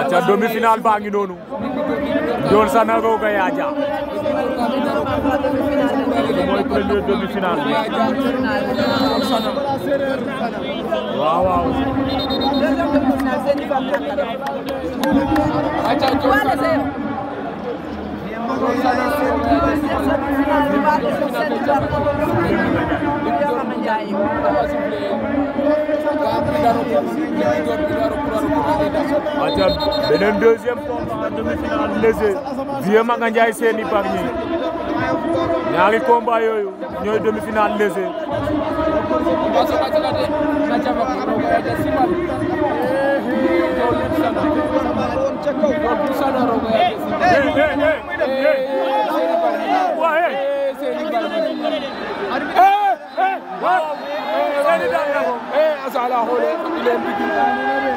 aca demi-finale baa ngi noonu aca beneen deuxième combat en demi-finale léger vieux Maga Ndiaye Seny ñaari combat yooyu ñooy demi-finale léger Seni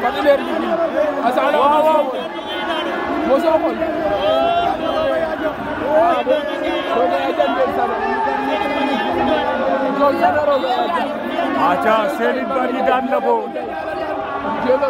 ban une heure ñu ngi asalaamaaleykum waaw waaw moo soo xool waaw boo boo dee jàngee sama loolu dara loolu dara. acca Serigne Bargny daan na ko. jéem a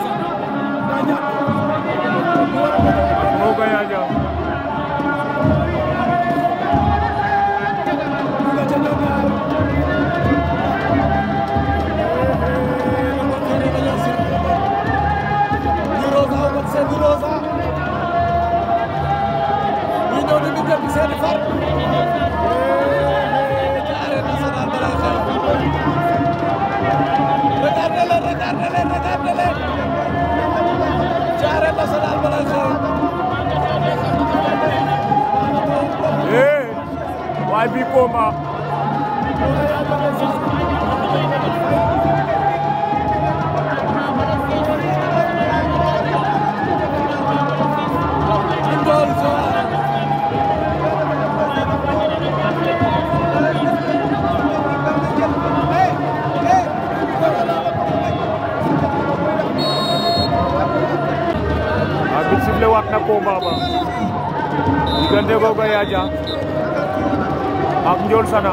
leader bi seeni far ci arène nationale dara xew regardez leen regardez leen regardez leen ci arène nationale dara xew eh waay bi combat नको बाबा गंदे बाबा या आप जोड़ सना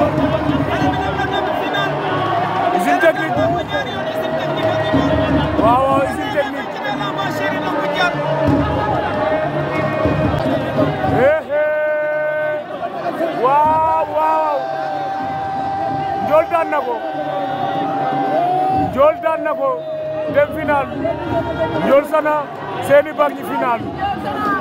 usine waaw waaw usine technique eh, eh. ko Ndiol daan ko dem final Ndiol Sana Seny Bargny final